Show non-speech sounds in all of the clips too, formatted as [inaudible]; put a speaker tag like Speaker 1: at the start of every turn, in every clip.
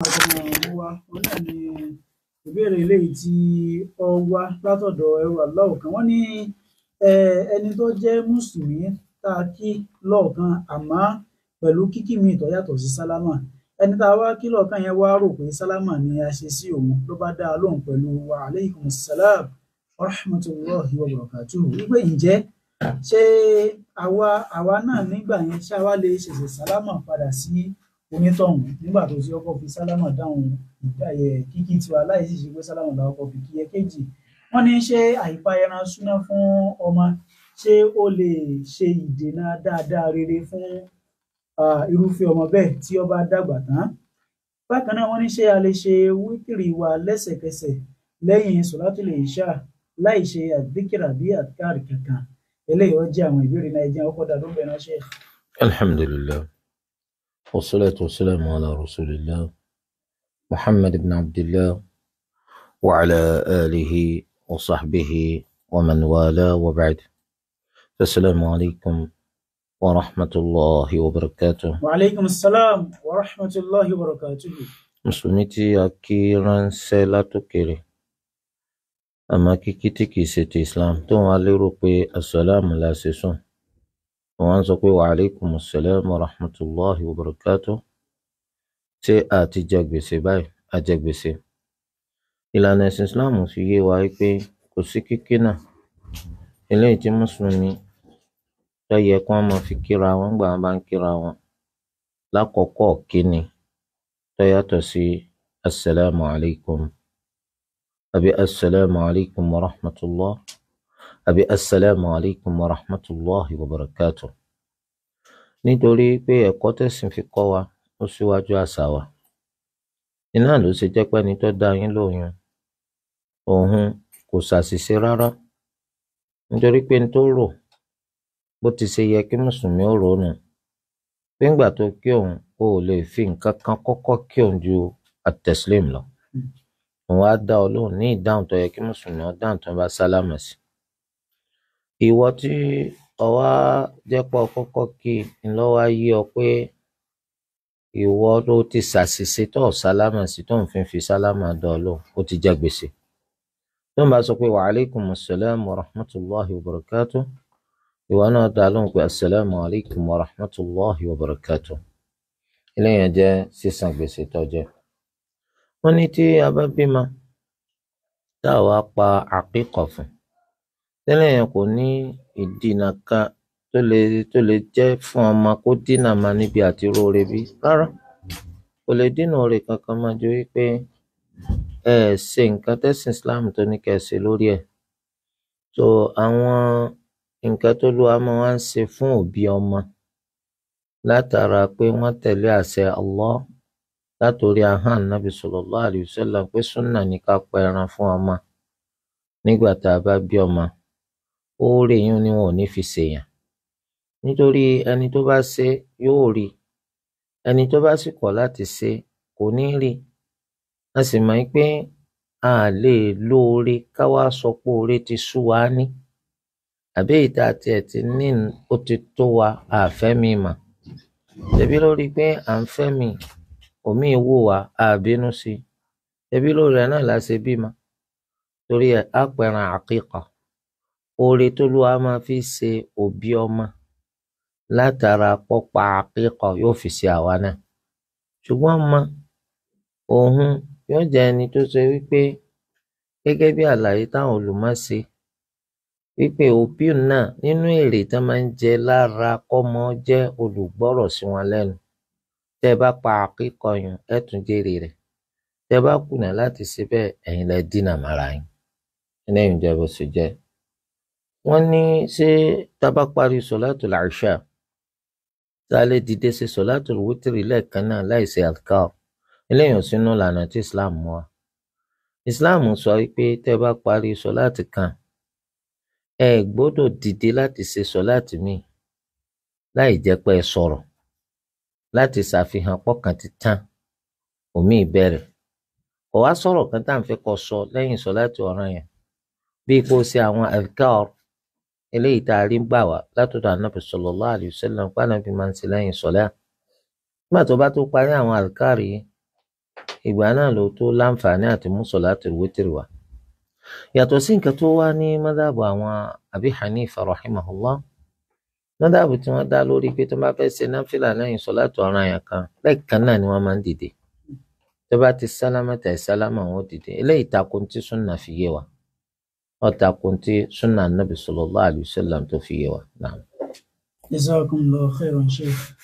Speaker 1: Òhun náà ni ìbéèrè eléyìí tí ó wá látọ̀dọ̀ ẹrú Allahu kan, wọ́n ní um ẹni tó jẹ́ mùsùlùmí tá a kí lọ́ọ̀kan àmọ́ pẹ̀lú kíkí míì tó yàtọ̀ sí sálámà, ẹni tá a wá kí lọ́ọ̀kan yẹn wá rò pé sálámà ni a ṣe sí òun ló bá dá a lóhùn pẹ̀lú wa ‘aleikum salam wa rahmatullahi wa barakatuhu’ wí pé ǹjẹ́ ṣé àwa àwa náà nígbà yẹn ṣá wá le ṣẹ̀ṣẹ̀ sálámà padà sí onítọ̀hún nígbà tó ti kọ́kọ́ fi sálámà dáhùn kíkí tiwa láì sì ṣe pé sálámà làwọn kọ́ fi kí ẹ̀kejì wọ́n ní ṣé àìpa ẹran súná fún ọmọ ṣé ó lè ṣe ìdènà dáadáa rere fún irúfẹ́ ọmọ bẹ́ẹ̀ tí ó bá dàgbà tán bákan náà wọ́n ní ṣé a lè ṣe wítìrì wa lẹ́sẹ̀kẹsẹ̀ lẹ́yìn sọ̀látùlẹ̀ ìṣá láì ṣe àdíkìrà bí àtàrí kankan eléyìí ó jẹ́ àwọn ìbéèrè náà ẹ jẹ́ ọkọ̀ dàdúgbò ẹ̀ránṣẹ́.
Speaker 2: alhamdulilayi والصلاة والسلام على رسول الله محمد بن عبد الله وعلى آله وصحبه ومن والاه وبعد السلام عليكم ورحمة الله وبركاته
Speaker 1: وعليكم السلام ورحمة الله وبركاته
Speaker 2: مسلمي أكيرا أكيران سيلاتو أما كي كي تي إسلام تو علي روبي السلام لا سيسون wọ́n sọ pé wa alaikum salam wa rahmatullahi wa barakatuh ṣé àti jẹ gbèsè báyìí àjẹ gbèsè ìlànà ẹ̀sìn islam fi yé wa pé kò sí kíkí náà eléyìí tí mùsùlùmí tó yẹ kí wọ́n máa fi kíra wọn gbà wọ́n bá ń kíra wọn lákọ̀ọ́kọ́ kíni tó yàtọ̀ sí asalaamu alaykum àbí asalaamu alaykum wa rahmatullahi. àbí assalamu alaykum wa rahmatulahi wa barakatu. nítorí pé ẹ̀kọ́ tẹ̀sìn fi kọ́ wa ó síwájú àṣà wa iná ló ṣe jẹ́ pẹ́ni tó dá yín lóyún òun kò ṣàṣìṣe n tó rò bó ti ṣe yẹ kí mùsùlùmí ó rò nù pé tó kí o lè fi nǹkan kan kọ́kọ́ kí òun ju lọ hmm. òun á dá ọ lóhùn ní yẹ kí mùsùlùmí ó dáhùn tó ń bá sálámà sí Ìwọ tí ọ wá jẹ́ pé o kọ́kọ́ kí i n ló wá yé ọ pé ìwọ ló ti ṣàṣìṣe tó ò sálámà sí tó ń fi fi sálámà dán ọ lóhùn ó ti jẹ gbèsè. Tó ń bá sọ pé wa alaikum assalam wa ìwọ náà dá lóhùn pé assalamu alaikum wa rahmatullahi wa Eléyàn jẹ́ sísan gbèsè tó jẹ. Wọ́n ní tí a bá bímọ tá pa àkíkọ̀ fún un. Tẹ́lẹ̀ yẹn kò ní ìdènà kan tó le tó le jẹ́ fún ọmọ kó dínà ma níbi àti róore bí. Rárá, kò lè dínà oore kankan mọ́ ju wípé ẹ ṣe nǹkan tẹ́sìn Islam tó ní kẹ́ ẹ ṣe lórí ẹ̀. So àwọn nǹkan t'Olúwa máa wá ń ṣe fún òbí ọmọ látara pé wọ́n tẹ̀lé àṣẹ Allah látòrí ahọ́n Ànábì sallallahu alaihi wasallam pé súnà ni ká pa ẹran fún ọmọ nígbà tá a bá bí ọmọ. oore yẹn ni wọn ò ní fi ṣèyàn nítorí ẹni tó bá ṣe yóò rí ẹni tó bá sì kọ̀ láti ṣe kò ní rí a sì mọ̀ pé a lè lóore ká wá sọ pé oore ti sú wa ní àbí ìta àti ẹ̀tí ní ó ti tó wa afemi mà ṣebí lórí pé à ń fẹ́mi òmíì wò wá àbínú sí ṣebí lórí rẹ̀ náà la ṣe bímọ torí ẹ̀ á pẹran oore tólúwa máa fi ṣe òbí ọmọ látara pọ́pa akẹ́kọ̀ọ́ yóò fi ṣe àwa náà ṣùgbọ́n ọmọ òun yóò jẹ́ ẹni tó ṣe wípé gẹ́gẹ́ bí àlàyé táwọn olùmọ̀ ṣe wípé òbí náà nínú èrè tán máa ń jẹ lára kọ́mọ jẹ́ olùgbọ́rọ̀ sí wọn lẹ́nu tẹ́ bá pa akẹ́kọ̀ọ́ yẹn ẹ tún jèrè rẹ̀ tẹ́ ẹ bá kùnà láti ṣe bẹ́ẹ̀ ẹ̀yin lẹ dínà mọ́ra yín ẹlẹ́yìn ìjọba ó sì wọn ní ṣé tá a bá parí sọláàtùl ìṣà tá a lè dìde ṣe sọláàtùl wítìrì lẹ́ẹ̀kan náà láì ṣe àdìkáà eléyàn sínú ìlànà tí islam mú wa islam sọ pé tẹ́ bá parí sọláàtì kan ẹ gbọ́dọ̀ dìde láti ṣe sọláàtì míì láì jẹ́ pé ẹ sọ̀rọ̀ láti ṣàfihàn pọkàn títàn omi ìbẹ̀rẹ̀ kò wá sọ̀rọ̀ kan tá à ń fẹ́ kó sọ lẹ́yìn sọláàtì ọ̀ranyàn bí kò ṣe àwọn adhkar eléyìí tá a rí gbà wá látọ̀dọ̀ anábì sallallahu alaihi wasallam nípa anábì máa ń ṣe lẹ́yìn sọ̀lá. nígbà tó bá tó parí àwọn àlùkárì ìgbà náà ló tó láǹfààní àti mú sọ̀látùl wítìrì wá. yàtọ̀ sí nǹkan tó wá ní mọ́dàbọ̀ àwọn àbí Hanifa rahimahullah mọ́dàbọ̀ tí wọ́n dá lórí pé tó bá fẹ́ ṣe náfìlà lẹ́yìn sọ̀látù ọ̀ranyàn kan lẹ́ẹ̀kan náà ni wọ́n máa ń dìde tó bá ti sálámà tẹ̀ sálámà wọn dìde eléyìí takò tí súnà fi yé wa. وتاكونتي سنه النبي صلى الله عليه وسلم تفيه نعم
Speaker 1: جزاكم الله خيرا شيخ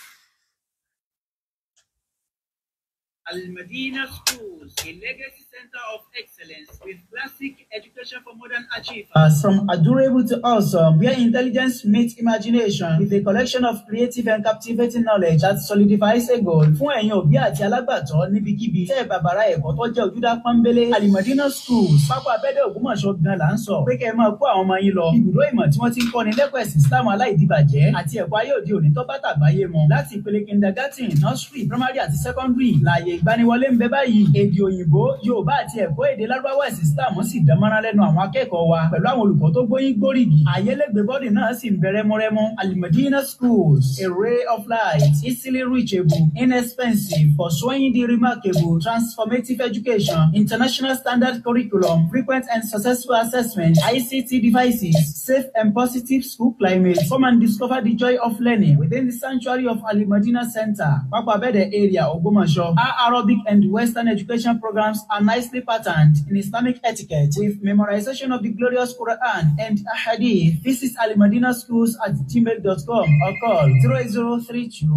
Speaker 1: Al Medina Schools, a legacy center of excellence with classic education for modern achievers. Uh, from adorable to awesome, where intelligence meets imagination with a collection of creative and captivating knowledge that solidifies a goal. Fún ẹ̀yin òbí àti alágbàtọ́ níbikíbi, tẹ́ bàbàrà ẹ̀kọ́ tó jẹ́ ojúdá pọ́nbélé. Al Medina Schools, pápá abẹ́dẹ̀ Ògbómọ̀ṣọ́ gan la ń sọ. Pé kẹ́ ẹ máa kó àwọn ọmọ yín lọ. Ibùdó ìmọ̀ tí wọ́n ti ń kọ́ni lẹ́kọ̀ọ́ ẹ̀sìn Islam aláìdíbàjẹ́ àti ẹ̀kọ́ ayé òde òní tó bá tàgbáyé mọ́. Láti ìpele kindergarten, nursery, primary àti secondary láàyè ìgbaniwọlé ń bẹ báyìí èdè òyìnbó yorùbá àti ẹ̀kọ́ èdè lárúbáwá ẹ̀sìn sílámù sì dán mọ́ra lẹ́nu àwọn akẹ́kọ̀ọ́ wa pẹ̀lú àwọn olùkọ́ tó gbóyìn gbóríyìn àyẹlẹgbẹ bọ́ọ̀dì náà sì ń bẹ rẹ́múrẹ́mú alimadina schools a ray of light easily reachable inexpensive pursuing the remarkable transformative education international standard curriculum frequent and successful assessment ICT devices safe and positive school climate come and discover the joy of learning within the sanctuary of alimadina center pápá abẹ́dẹ̀ area Ògbómọ̀ṣọ́. Arabic and Western education programs are nicely patterned in Islamic etiquette with memorization of the glorious Quran and Hadith. This is Alimadina Schools at gmail.com or call 0032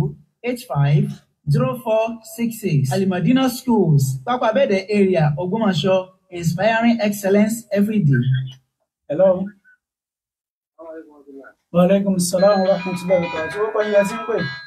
Speaker 1: 85 0466. Alimadina Schools, Papa area, Ogumasho, inspiring excellence every day. Hello. Wa alaikum salam wa rahmatullahi wa barakatuh.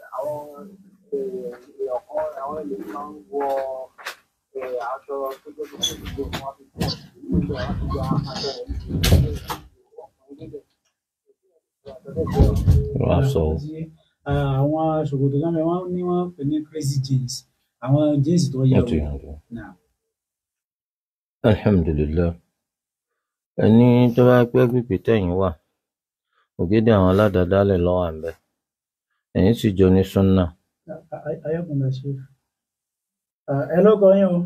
Speaker 3: àwọn èèyàn eh,
Speaker 1: kan àwọn èèyàn máa ń wọ eh, aṣọ tó tó tó tó tó tó wọn fi kọ ìlú àwọn tó gba aṣọ rẹ ah, ní ìlú àwọn ṣòkòtò náà wọn ní wọn pè ní crazy jeans àwọn jeans tó yẹ wò náà.
Speaker 2: alhamdulilayi ẹni tó bá pẹ́ gbígbé tẹ̀yìn wà ògidì àwọn aládàáda lè lọ́wọ́ à ẹ̀yin sì jọ ní súnà.
Speaker 1: ayọ̀kùnlé ṣe ẹ lọ́kọ̀ yín o.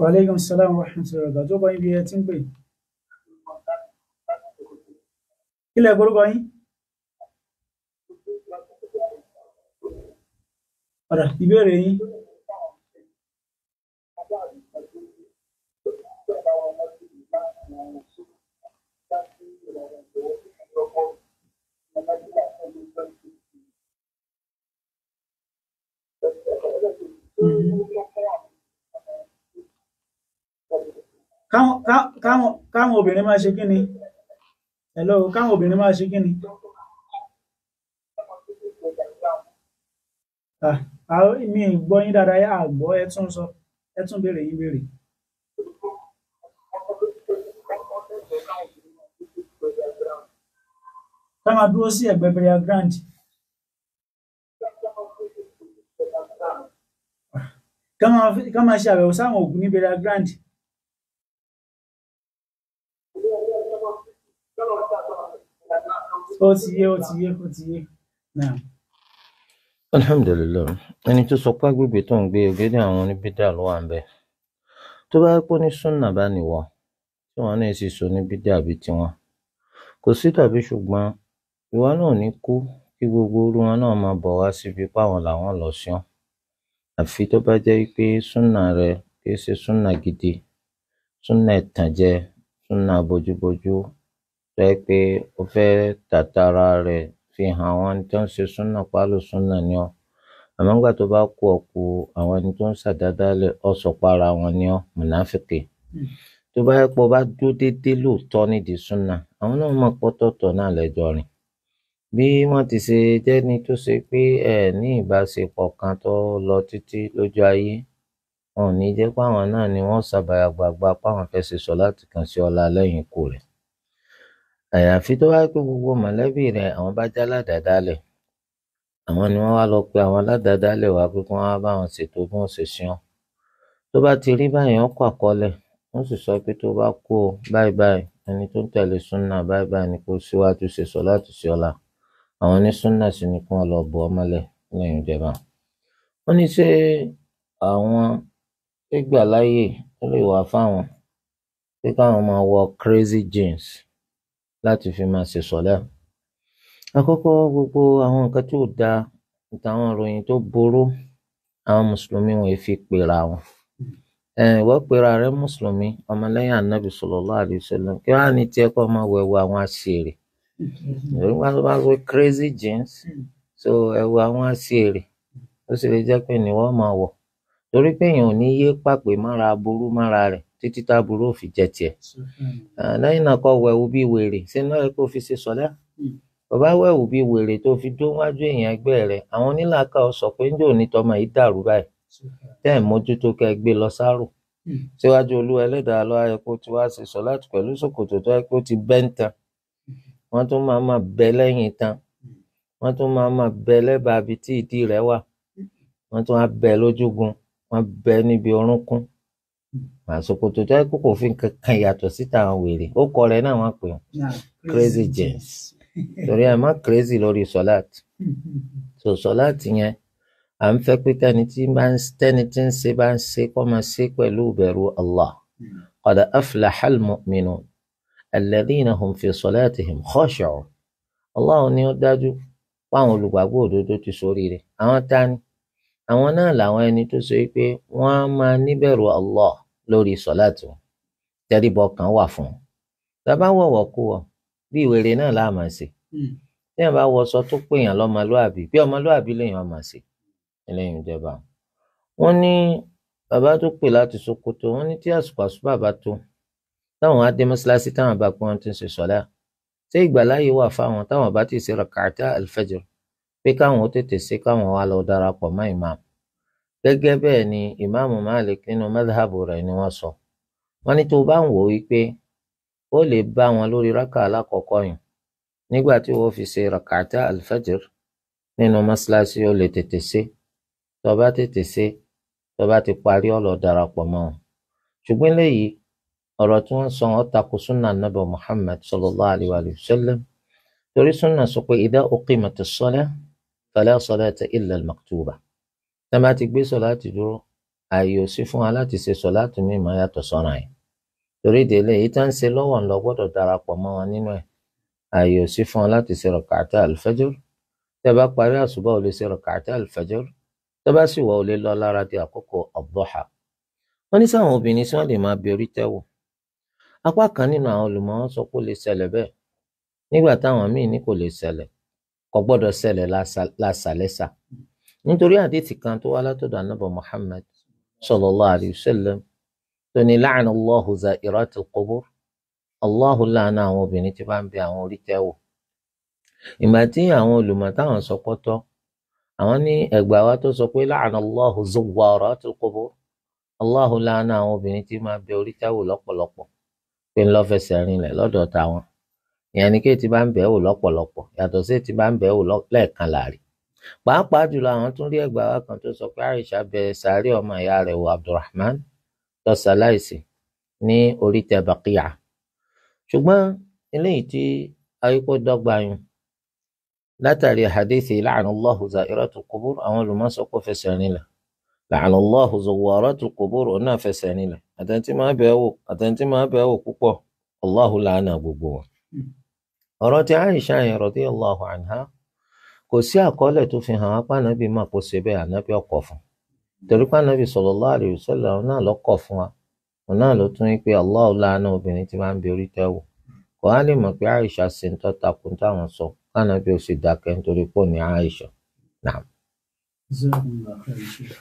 Speaker 1: waaleykum salaam wa rahmatullahi wa barakatuh tó báyìí bí ẹ ti ń pè. kílẹ̀ kórúkọ yín. ọ̀rà ìbéèrè yín.
Speaker 3: Thank you
Speaker 1: káwọn obìnrin máa ṣe kí ni hello káwọn obìnrin máa ṣe kí ni ah, mi gbọ́ yín dáadáa àgbọ́ ẹ tún sọ ẹ tún béèrè yín béèrè. ká máa dúró sí ẹ̀gbẹ́ bẹ̀rẹ̀ grand. ká máa ṣe àbẹ̀wò sáwọn ògùn ní bẹ̀rẹ̀ grand. ó ti yé ó ti yé ó ti yé náà.
Speaker 2: alhamdulilayi ẹni tó sọ pé agbègbè tó ń gbé ògèdè àwọn oníbídà ló wà ń bẹ tó bá pọ́ ní súnà bá nìwọ tí wọ́n náà sì sọ oníbídà àbí tiwọn kò sí tàbí ṣùgbọ́n ìwọ náà ò ní kú kí gbogbo irú wọn náà máa bọ̀ wá síbi páwọn làwọn lọ sán àfi tó bá jẹ́ pé súnà rẹ kìí ṣe súnà gidi súnà ìtànjẹ súnà bójúbójú tó jẹ́ pé o fẹ́ tàtara rẹ fi hàn àwọn ẹni tó ń ṣe súnà pálò súnà ni ọ́ àmọ́ nígbà tó bá kú ọ̀kú àwọn ẹni tó ń ṣàdádálẹ̀ ọ̀sọ̀para wọn ni ọ́ mùnáfìkì tó bá yẹ pé o bá dúró déédéé lóòótọ́ nídìí súnà àwọn náà mọ̀ pọ́tọ̀ọ̀tọ̀ náà lẹ́jọ́ rìn bí wọ́n ti ṣe jẹ́ni tó ṣe pé ẹ ní ìbáṣepọ̀ kan tó lọ títí lójú ayé wọn ò ní jẹ́ páwọn náà ni wọ́n ṣàbàyàgbàgbà páwọn fẹ́ ṣe sọ̀láàtì kan sí ọlá lẹ́yìn ikú rẹ̀ àyàfi tó wáá pé gbogbo mọ̀lẹ́bí rẹ̀ àwọn bá já ládàádálẹ̀ àwọn ni wọ́n wá lọ pe àwọn aládàádálẹ̀ wá pé kí wọ́n wá bá wọn ṣètò bí wọ́n ṣe sìn ọ́ tó bá ti rí báyìí wọ́n kọ àkọọ́lẹ̀ wọ́n sì sọ pé tó bá kú o báyìí báyìí ẹni tó ń tẹ̀lé súnà báyìí báyìí ni kó síwájú ṣe sọ̀láàtì sí ọlá àwọn onísúnnà sì ni kí wọn lọọ bò ó mọlẹ lẹyìn jẹ báwọn wọn ní ṣé àwọn gbígbàláàyè ó lè wà fáwọn pé káwọn máa wọ crazy jeans láti fi máa ṣe sọlẹ àkọ́kọ́ gbogbo àwọn nǹkan tí ò dáa àtàwọn ìròyìn tó burú àwọn mùsùlùmí wọn fi pera wọn ìwọ pera rẹ mùsùlùmí ọmọlẹ́yìn anabi sallallahu alaihi wasallam kí ní tiẹ̀ kọ máa wẹwẹ àwọn àṣírí nígbà tó bá wé crazy jeans so ẹ̀wù àwọn aṣèrè ó sì lè jẹ́ pé ni wọ́n máa wọ̀ torí pé èèyàn ò ní yé pàpè mára aburú mára rẹ̀ títí táburú ò fi jẹ tiẹ̀ lẹ́yìn náà kó wẹ̀wù bíi wèrè sínú ẹ̀ kó fi ṣe sọ́lá bàbá wẹ̀wù bíi wèrè tó fi dó wájú èèyàn ẹgbẹ́ rẹ̀ àwọn onílàákà ọ sọ pé njẹ́ òní tọmọ yìí dàrú báyìí tẹ́ ẹ̀ mójútó kẹ́ ẹ gbé lọ sáró síwájú olúwa ẹlẹ́dàá lọ́wọ́ ayẹ kó ti wá ṣe sọ́lá pẹ̀lú ṣòkòtò tó yẹ kó ti bẹ́ńtàn wọ́n tún máa máa bẹ lẹ́yìn tán wọ́n tún máa máa bẹ lẹ́bàá ibi tí ìdí rẹ̀ wà wọ́n tún á bẹ lójúgun wọ́n bẹ níbi orúnkún àsopọ̀tò tó yẹ kó kò fi nǹkan kan yàtọ̀ síta àwọn wèrè ó kọ rẹ̀ náà wọ́n pè wọ́n ah, crazy James. torí ẹ̀ má crazy lórí sọ́láàtì so sọ́láàtì yẹn à ń fẹ́ pé tẹ́ni tí bá ń tẹ́ni tí ń ṣe bá ń ṣe kó máa ṣe pẹ̀lú ìbẹ̀rù Allah hmm. qad aflaha al-mu'minun الذين هم في صلاتهم khashi'un الله ni ó dájú páwọn olùgbàgbọ́ òdodo ti ṣoríire àwọn ta ni àwọn náà làwọn ẹni tó ṣe pé wọ́n á máa níbẹ̀rù Allah lórí sọ̀láàtì wọn tẹríbọ kan wà fún un tàbá wọ̀wọ̀ kú wọ bí ìwèrè náà láà máa ṣe hmm. tí wọn bá wọṣọ tó péyàn lọ́mọlúàbí bí ọmọlúàbí lèèyàn máa ṣe eléyìí ìjọba wọn ní bàbá tó pè láti Sokoto wọn ní tí àsùpàṣù bàbá tó táwọn á dé mọ́ṣáláṣí táwọn bá pé wọ́n ti ń ṣe sọ́lá ṣé ìgbàláyè wà fáwọn táwọn bá ti ṣe rakata alfajr pé káwọn ó tètè ṣe káwọn wá lọ darapọ̀ mọ́ ìmáàmù gẹ́gẹ́ bẹ́ẹ̀ ni ìmáàmù Malik nínú madhhabu rẹ̀ ni wọ́n sọ wọ́n ní tó bá ń wò ó wípé ó lè bá wọn lórí rákà alákọ̀ọ́kọ́ yìí nígbà tí wọ́n fi ṣe rakata alfajr nínú mọ́ṣáláṣí ó lè tètè ṣe tó bá tètè ṣe tó bá ti parí ó darapọ̀ mọ́ ṣùgbọ́n léyìí ọ̀rọ̀ tí wọ́n sọ ọ́ tako sunna nabi muhammad sallallahu alayhi wa sallam torí sunna sọ pé idha uqimatis salah fala salata illa al-maktuba tá a bá ti gbé sọláàtì dúró ààyè ò sí fún wa láti ṣe sọláàtì mi máa yàtọ̀ sọ́ra yẹn torí délé èyí tá ń ṣe lọ́wọ́ ńlọ gbọ́dọ̀ darapọ̀ mọ́ wọn nínú ẹ̀ ààyè sí fún wa láti ṣe rak'ata al-fajr tẹ́ bá parí àṣùbà ò lè ṣe rak'ata al-fajr tẹ́ bá sì wà ò lè lọ lára di àkókò ad-duha ní sáwọn obìnrin tí wọ́n lè máa bẹ orí tẹ́wọ̀ apá kan nínú àwọn olùmọ̀ wọn sọ pé ó lè ṣẹlẹ̀ bẹ́ẹ̀ nígbà táwọn míì ní kò lè ṣẹlẹ̀ kò gbọ́dọ̀ ṣẹlẹ̀ lásàlẹ́sà nítorí àdéhìí kan tó wá látọ̀dọ̀ anábọ̀ Muhammad sallallahu alayhi wa sallam tó ní la'ana Allahu za'iratil qubur Allahu la'ana àwọn obìnrin tí bá ń bẹ àwọn orí tẹ́ wò ìgbà tí àwọn olùmọ̀ táwọn sọ pọ́tọ́ àwọn ní ẹgbà wa tó sọ pé la'ana Allahu zuwwaratil qubur Allahu la'ana àwọn obìnrin tí máa bẹ orí tẹ́ wò pé ńlọ fẹsẹ̀ rinlẹ̀ lọ́dọ̀ táwọn ìyẹn ni kí ètí bá ń bẹ̀ wò lọ́pọ̀lọpọ̀ yàtọ̀ sí ètí bá ń bẹ̀ wò lẹ́ẹ̀kan láàrin pàápàá jùlọ àwọn tún rí ẹgbàá wa kan tó sọ pé Àìṣà bẹ̀ sàárẹ̀ ọmọ ìyá rẹ̀ wò Abdulrahman tó ṣaláìsí ní orí tẹ Bàkíyà ṣùgbọ́n eléyìí tí ayíkó dọ́gba yun látàrí hadithi la'anallahu za'iratul qubur àwọn olùmọ̀sọ́kọ̀ fẹsẹ̀ rinlẹ̀ la'anallahu zawwaratul qubur òun náà fẹsẹ̀ rinlẹ̀ àtẹ̀ntí máa bẹ̀ wò àtẹ̀ntí máa bẹ̀ wò gbogbo wọn. ọ̀rọ̀ Aisha yẹn radiyallahu anha kò sí àkọọ́lẹ̀ tó fi hàn apá ànábì máa kó ṣe bẹ́ẹ̀ ọkọ̀ fún torí pé ànábì sallallahu alaihi wasallam òun náà fún wa náà pé Allahu obìnrin máa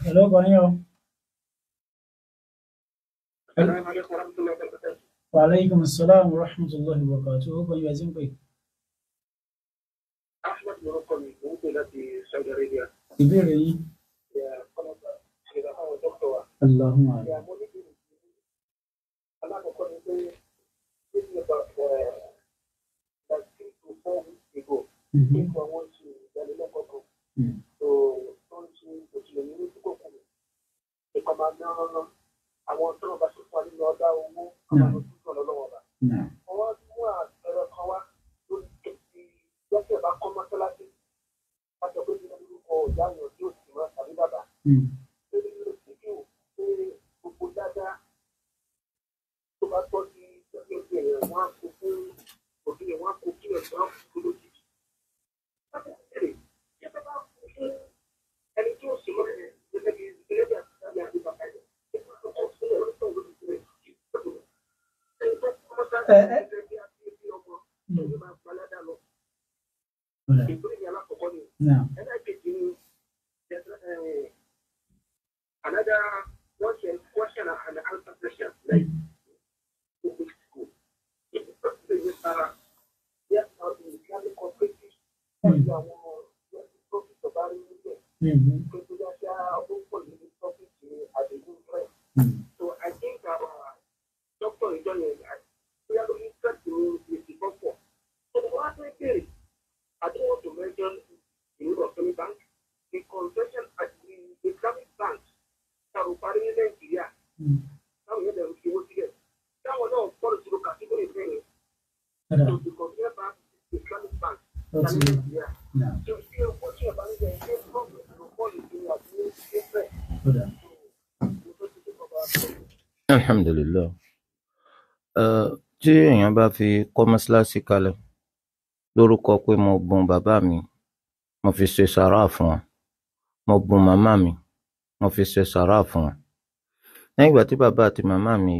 Speaker 1: ń bẹ السلام ورحمة الله وبركاته وعليكم السلام ورحمة الله وبركاته من يعزم بك
Speaker 3: أحمد مرقمي من دولة السعودية العربية
Speaker 1: إبري يا
Speaker 3: قلب حلقها ودكتور
Speaker 1: اللهم عليك
Speaker 3: يا مولدي أنا بقول لك إذن about uh, like three to four weeks ago mm-hmm. if I want to get a local group mm. so don't you go to the new group the commander àwọn tó lọ́ba tó fún wa nínú ọlá owó àwọn tó tún lọ lọ́wọ́ ọba. ọwọ́ mú àpẹẹrẹ kan wá lórí ti lọ́sẹ̀ bá kọ́ mọ́sálásí láti ọgbẹ́ ìdílé orúkọ ọ̀gá àyàn tí ó sì máa tàbí bàbá. lórí ló ti kí o pé gbogbo dáadáa tó bá tọ́ sí ẹgbẹ́ èèyàn wọn á kó fún òbí rẹ̀ wọn á kó kí ẹ̀ wọn á kó lójijì. láti ṣe ṣe bá fún ẹni tí ó sì mọ́ ẹ̀ gẹ́gẹ́ ẹ ẹ. Now. Another Mm.
Speaker 2: tí èèyàn bá fi kọ́ mọ́ṣáláṣí kalẹ̀ lórúkọ pé mo bùn bàbá mi mo fi ṣe sàráà fún wọn mo bùn màmá mi mo fi ṣe sàráà fún wọn lẹ́yìn ìgbà tí bàbá àti màmá mi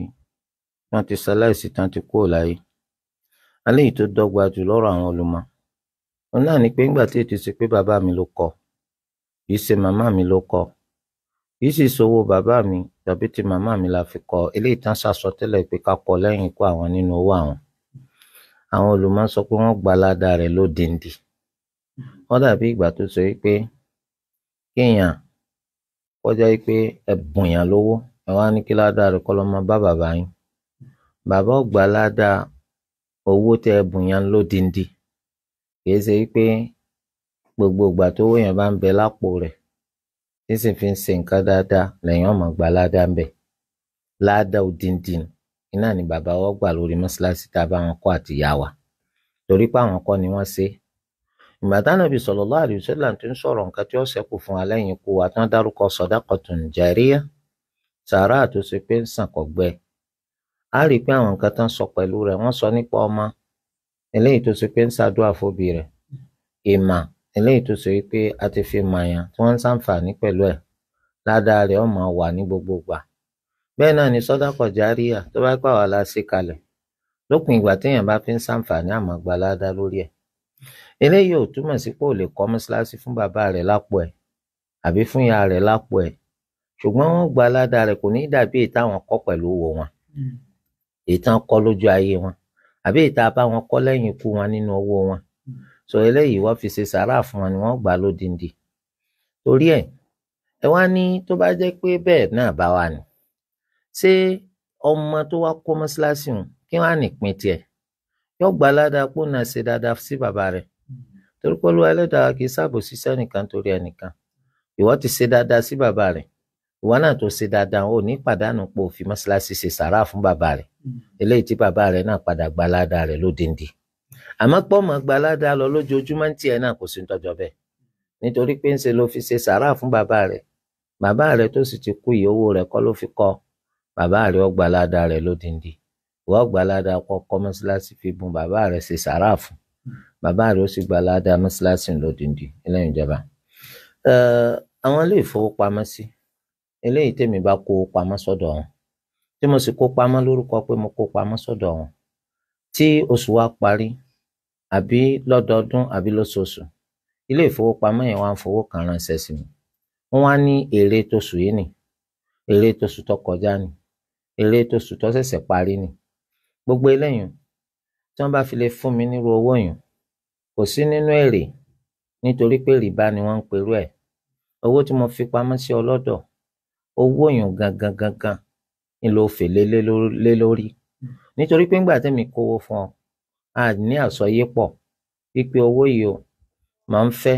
Speaker 2: wọ́n ti ṣaláìsí tán ti kúrò láyé aléyìí tó dọ́gba jù lọ́rọ̀ àwọn olùmọ̀ òun náà ni pé ńgbà tí ètò ṣe pé bàbá mi ló kọ kì í ṣe màmá mi ló kọ kì í sì ṣòwò bàbá mi jọ̀bítì màmá mi la fi kọ eléyìí tán ṣàsọtẹ́lẹ̀ pé ká kọ lẹ́yìn ikú àwọn nínú owó àwọn àwọn olùmọ̀ sọ pé wọ́n gba aládàá rẹ̀ lódìndì wọ́n dàbí ìgbà tó sọ pé kéèyàn kọjá pé ẹ̀bùn yàn lówó ẹ wá ní kí ládàá rẹ̀ kọ́ lọ́ máa bá bàbá yín bàbá ó gba owó tẹ ẹ̀bùn yàn lódìndì kì í ṣe pé gbogbo ìgbà tó wọ́n yàn bá ń bẹ lápò rẹ̀ tí sì fi ń ṣe nǹkan dáadáa lẹ́yìn ọmọ gba ládàá ń bẹ̀ ládàá òdìndín iná ni bàbá wa gbà lórí mọ́ṣáláṣí tá a bá wọn kọ́ àtìyá wa torí pé àwọn kọ́ ni wọ́n ṣe é ìgbàtà nàbì sallallahu alaihi wasallam tó ń sọ̀rọ̀ nǹkan tí ó ṣẹ́kù fún wa lẹ́yìn ikú wa tán dárúkọ sadaqatun jariyah sàárà tó ṣe pé ń sàn kọgbẹ á rí i pé àwọn nǹkan tán sọ pẹ̀lú rẹ̀ wọ́n sọ nípa ọmọ eléyìí tó ṣe pé ń ṣàdúrà fóbi rẹ̀ ìmà eléyìí tó ṣe pé a ti fi màyàn tí wọ́n ń ṣàǹfààní pẹ̀lú ẹ̀ ládàá rẹ̀ ó máa wà ní gbogbo gbà bẹ́ẹ̀ náà ni sọ́dákọ̀ járíyà tó bá pàwọ́ la ṣe kalẹ̀ lópin ìgbà téèyàn bá fi ń ṣàǹfààní àmọ́ gba ládàá lórí ẹ̀ eléyìí ò túmọ̀ sí pé ò lè kọ́ mọ́ṣáláṣí fún bàbá rẹ̀ lápò ẹ̀ àbí fún ìyá rẹ̀ lápò ẹ̀ ṣùgbọ́n wọ́n gba ládàá rẹ̀ kò ní dàbí èyí táwọn kọ́ pẹ̀lú owó wọn hmm. èyí táwọn lójú ayé wọn àbí èyí bá wọn kọ́ lẹ́yìn ikú wọn nínú owó wọn sọ eléyìí wọ́n fi ṣe sàárà fún wọn ni wọ́n gbà lódindi torí ẹ̀ ẹ wá ní tó bá jẹ́ pé bẹ́ẹ̀ náà bá wà ní ṣé ọmọ tó wá kọ́ mọ́ṣáláṣí òun kí wọ́n á nìpín tiẹ̀ yóò gbà ládàá pò náà ṣe dáadáa sí bàbá rẹ̀ torí pé olúwa ẹlẹ́dàá kì í ṣàbò síṣẹ́ nìkan torí ẹnìkan ìwọ ti ṣe dáadáa sí bàbá rẹ̀ ìwọ náà tó ṣe dáadáa ò ní pàdánù pò fi mọ́ṣáláṣí ṣe sàárà fún bàbá rẹ̀ eléyìí tí bàbá rẹ̀ náà padà gbà ládàá rẹ̀ lódindi àmọ́ pọ́ mọ́ gba aládàá lọ lójoojúmọ́ ní tiẹ̀ náà kò sí tọ́jọ́ bẹ́ẹ̀ nítorí pé ńṣe ló fi ṣe sàrà fún bàbá rẹ̀ bàbá rẹ̀ tó sì ti kú ìyè owó rẹ̀ kọ́ ló fi kọ́ bàbá rẹ̀ ó gba aládàá rẹ̀ lódindi wọ́n gba aládàá kọ́ kọ́ mọ́ṣáláṣí fi bùn bàbá rẹ̀ ṣe sàrà fún bàbá rẹ̀ ó sì gba mọ́ṣáláṣí lódindi ẹlẹ́yìn ìjọba. àwọn ilé ìfowópamọ́sí eléyìí tèmi bá kó pamọ́ sọ́dọ̀ wọn tí mo sì kó pamọ́ lórúkọ pé mo kó pamọ́ sọ́dọ̀ wọn tí oṣù wa parí àbí lọ́dọọdún àbí lóṣooṣù ilé ìfowópamọ́ yẹn wá ń fowó kan ránṣẹ́ sí mi wọ́n wá ní èrè tóṣù yìí ni èrè tóṣù tó kọjá ni èrè tóṣù tó ṣẹ̀ṣẹ̀ parí ni gbogbo eléyìí tí wọ́n bá fi lè fún mi nírú owó yìí kò sí nínú èrè nítorí pé rìbá ni wọ́n ń perú ẹ̀ owó tí mo fi pamọ́ sí ọlọ́dọ̀ owó yìí gangan gangan ni ló fè lé lórí nítorí pé ńgbà tẹ́mi kówó fún ọ a ní àsọyépọ̀ wípé owó yìí o màá ń fẹ́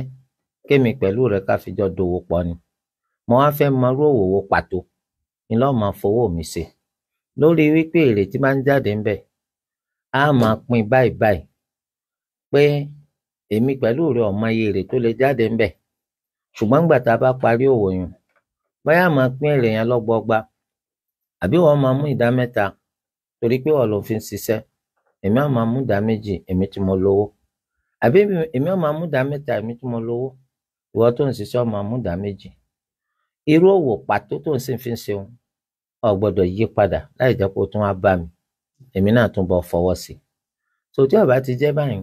Speaker 2: kémi pẹ̀lú rẹ ká fi jọ dòwò pọ̀ ni mo wá fẹ́ mọrú òwòwò pàtó ni lọ́ọ́ máa fowó mi ṣe lórí wípé èrè tí máa ń jáde ńbẹ̀ á máa pín báyìí báyìí pé èmi pẹ̀lú rẹ ọmọ iye èrè tó lè jáde ńbẹ̀ ṣùgbọ́n gbà tá a bá parí òwò yẹn báyà máa pín èrè yẹn lọ́gbọọgba àbí wọ́n máa mú ìdá mẹ́ta torí pé wọ́n ló fi ń ṣiṣẹ́ èmi á máa mú ìdá méjì èmi tí mo lówó àbí èmi á máa mú ìdá mẹ́ta èmi tí mo lówó ìwọ tó ń ṣiṣẹ́ ó máa mú ìdá méjì irú òwò pàtó tó ń sìn fi ń ṣeun o gbọ́dọ̀ yí padà láì jẹ́ kó tún wá bá mi èmi náà tún bọ́ fọwọ́ sí i so tí ọba ti jẹ́ báyìí